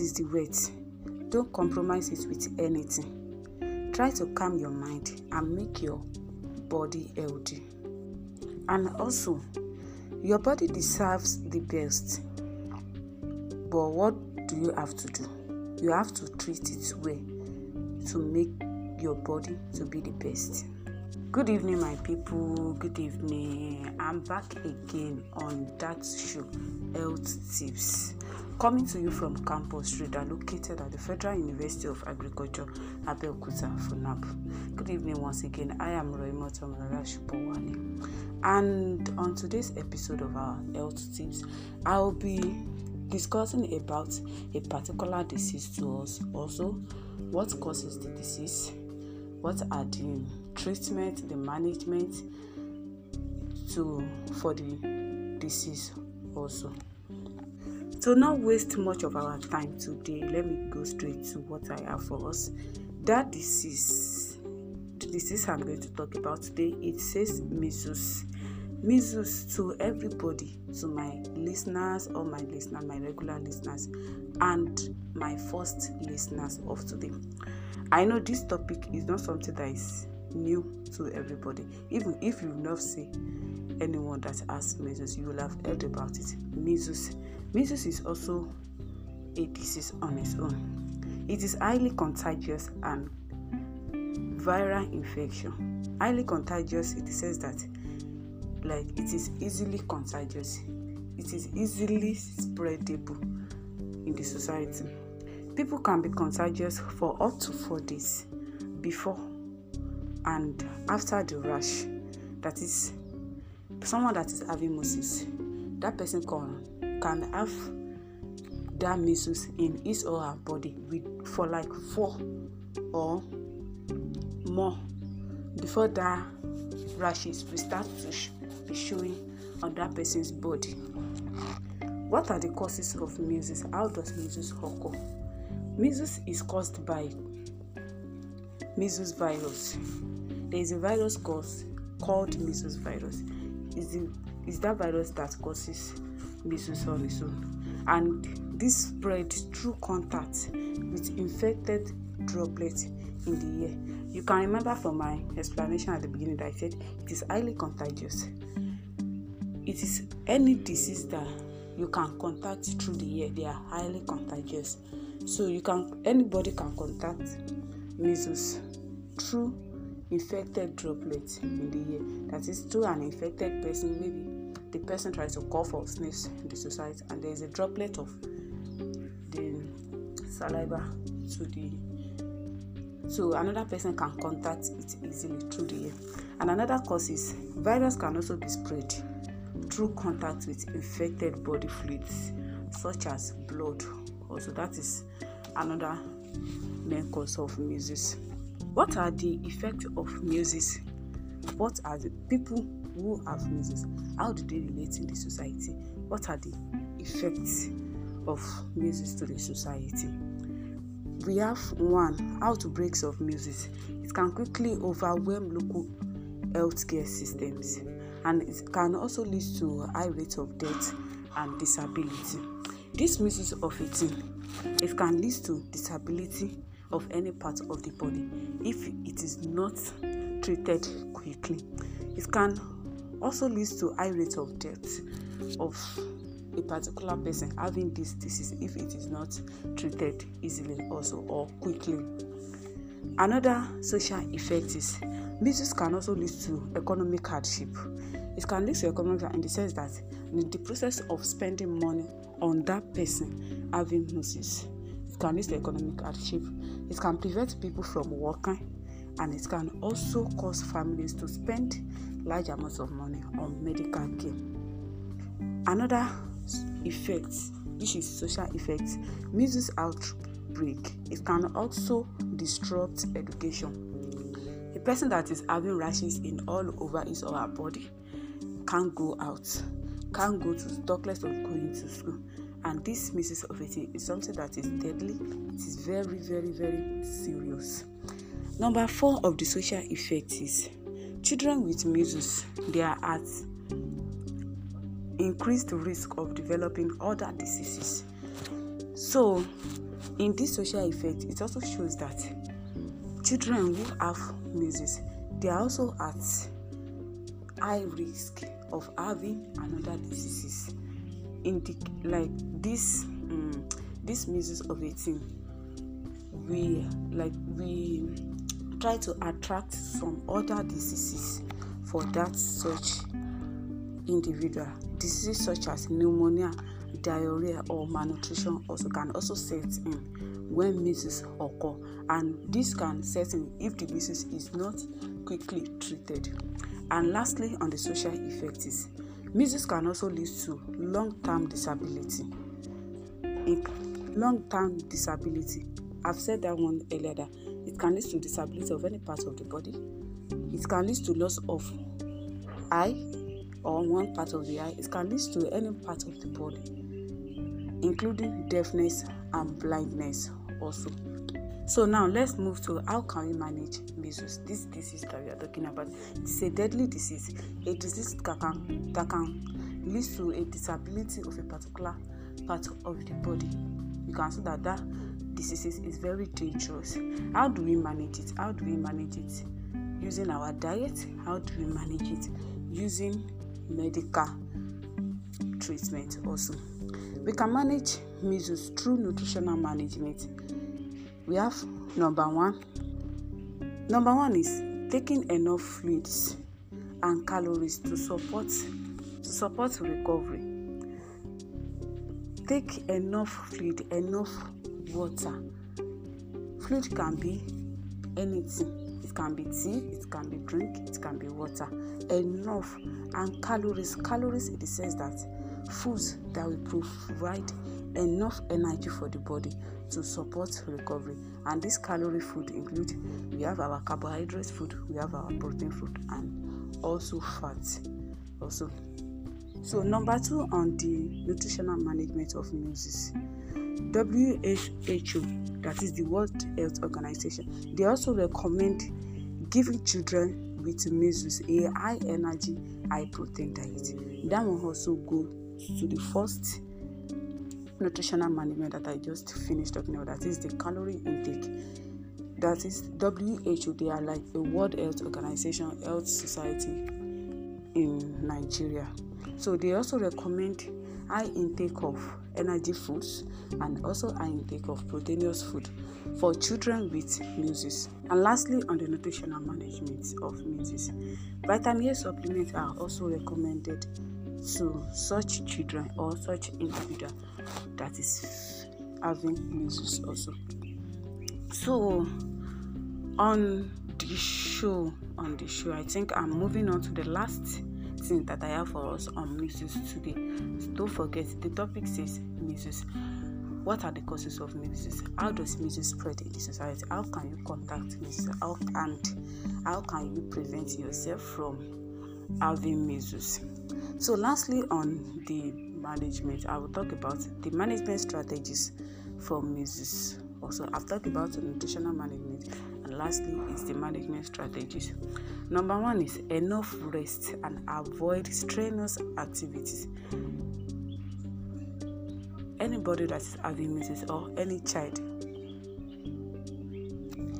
is the weight? Don't compromise it with anything. Try to calm your mind and make your body healthy. And also, your body deserves the best. But what do you have to do? You have to treat it well to make your body to be the best. Good evening, my people. Good evening. I'm back again on that show, Health Tips. Coming to you from Campus Reader, located at the Federal University of Agriculture, Abeokuta, FUNAB. Good evening once again. I am Roy Tomolara Shupowani. And on today's episode of our health tips, I'll be discussing about a particular disease to us. Also, what causes the disease? What are the treatment, the management to for the disease also. To not waste much of our time today, let me go straight to what I have for us. That disease, disease I'm going to talk about today, it says measles. Measles to everybody, to my listeners, all my listeners, my regular listeners, and my first listeners of today. I know this topic is not something that is new to everybody. Even if you not see anyone that has measles, you will have heard about it. Measles Measles is also a disease on its own. It is highly contagious and viral infection. Highly contagious, it says that like it is easily contagious. It is easily spreadable in the society. People can be contagious for up to four days before and after the rash. That is someone that is having measles. That person can can have that measles in his or her body with, for like four or more before that rashes will start to sh- be showing on that person's body. What are the causes of measles? How does measles occur? Measles is caused by measles virus. There is a virus cause called measles virus. Is is that virus that causes Mrs. so sorry soon. And this spread through contact with infected droplets in the air. You can remember from my explanation at the beginning that I said it is highly contagious. It is any disease that you can contact through the air, they are highly contagious. So you can anybody can contact measles through infected droplets in the air. That is through an infected person, maybe the person tries to cough or sneeze the society and there is a droplet of the saliva to the so another person can contact it easily through the air and another cause is virus can also be spread through contact with infected body fluids such as blood also that is another main cause of measles what are the effects of measles what are the people who have measles? How do they relate to the society? What are the effects of measles to the society? We have one outbreaks of measles. It can quickly overwhelm local healthcare systems and it can also lead to high rates of death and disability. This measles of 18 it can lead to disability of any part of the body if it is not treated quickly. It can also leads to high rate of death of a particular person having this disease if it is not treated easily also or quickly. Another social effect is measles can also lead to economic hardship. It can lead to economic in the sense that in the process of spending money on that person having measles, it can lead to economic hardship. It can prevent people from working and it can also cause families to spend large amounts of money on medical care. Another effect, this is social effect, measles outbreak. It can also disrupt education. A person that is having rashes in all over his or her body can't go out, can't go to doctors or going to school. And this measles of it is something that is deadly. It is very, very, very serious. Number four of the social effects is Children with measles, they are at increased risk of developing other diseases. So, in this social effect, it also shows that children who have measles, they are also at high risk of having another diseases. In the, like this, um, this measles of 18, we like we try to attract some other diseases for that such individual. Diseases such as pneumonia, diarrhea, or malnutrition also can also set in when Mrs. occur, and this can set in if the disease is not quickly treated. And lastly, on the social effects is measles can also lead to long-term disability. Long-term disability. I've said that one earlier. That it can lead to disability of any part of the body. It can lead to loss of eye or one part of the eye. It can lead to any part of the body, including deafness and blindness also. So now let's move to how can we manage measles? This disease that we are talking about. It's a deadly disease, a disease that can that can lead to a disability of a particular part of the body. You can see that that diseases is very dangerous. How do we manage it? How do we manage it? Using our diet, how do we manage it? Using medical treatment also. We can manage measles through nutritional management. We have number one. Number one is taking enough fluids and calories to support to support recovery. Take enough fluid, enough water. Fluid can be anything. It can be tea, it can be drink, it can be water. Enough. And calories. Calories, it says that foods that will provide enough energy for the body to support recovery. And this calorie food include we have our carbohydrate food, we have our protein food, and also fats. Also, so number two on the nutritional management of meals WHO, that is the World Health Organization, they also recommend giving children with measles a high energy, high protein diet. That will also go to the first nutritional management that I just finished talking about, that is the calorie intake. That is WHO, they are like the World Health Organization, Health Society in Nigeria. So they also recommend high intake of energy foods and also high intake of proteinous food for children with measles. And lastly, on the nutritional management of measles, vitamin A supplements are also recommended to such children or such individual that is having measles also. So, on the show, on the show, I think I'm moving on to the last thing that I have for us on measles today. So don't forget, the topic says measles. What are the causes of measles? How does measles spread in the society? How can you contact measles? How and how can you prevent yourself from having measles? So, lastly, on the management, I will talk about the management strategies for measles. Also, I've talked about nutritional management lastly is the management strategies. Number one is enough rest and avoid strenuous activities. Anybody that is having meetings or any child,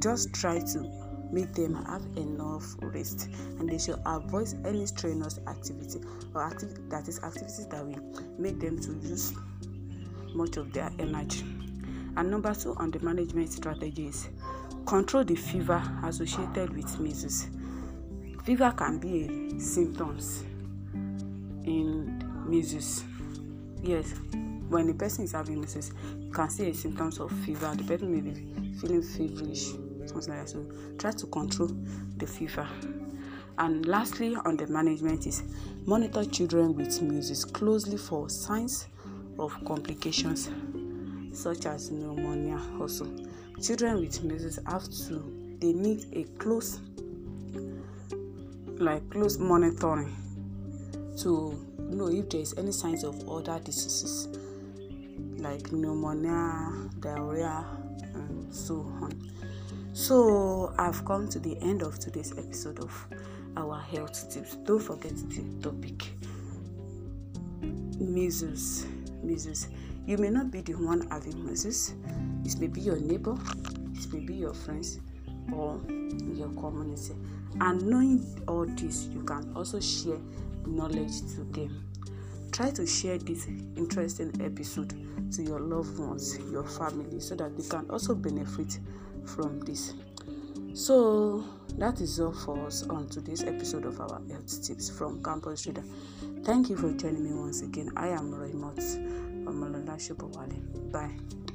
just try to make them have enough rest and they should avoid any strenuous activity or that is activities that will make them to use much of their energy and number two on the management strategies Control the fever associated with measles. Fever can be a symptoms in measles. Yes, when the person is having measles, you can see a symptoms of fever. The person may be feeling feverish, something like that. So try to control the fever. And lastly, on the management is monitor children with measles closely for signs of complications such as pneumonia also children with measles have to they need a close like close monitoring to know if there is any signs of other diseases like pneumonia diarrhea and so on so i've come to the end of today's episode of our health tips don't forget the topic measles measles you may not be the one having measles it may be your neighbor, it may be your friends, or your community. And knowing all this, you can also share knowledge to them. Try to share this interesting episode to your loved ones, your family, so that they can also benefit from this. So that is all for us on today's episode of our health tips from Campus Reader. Thank you for joining me once again. I am Raymond Omolola Shobowale. Bye.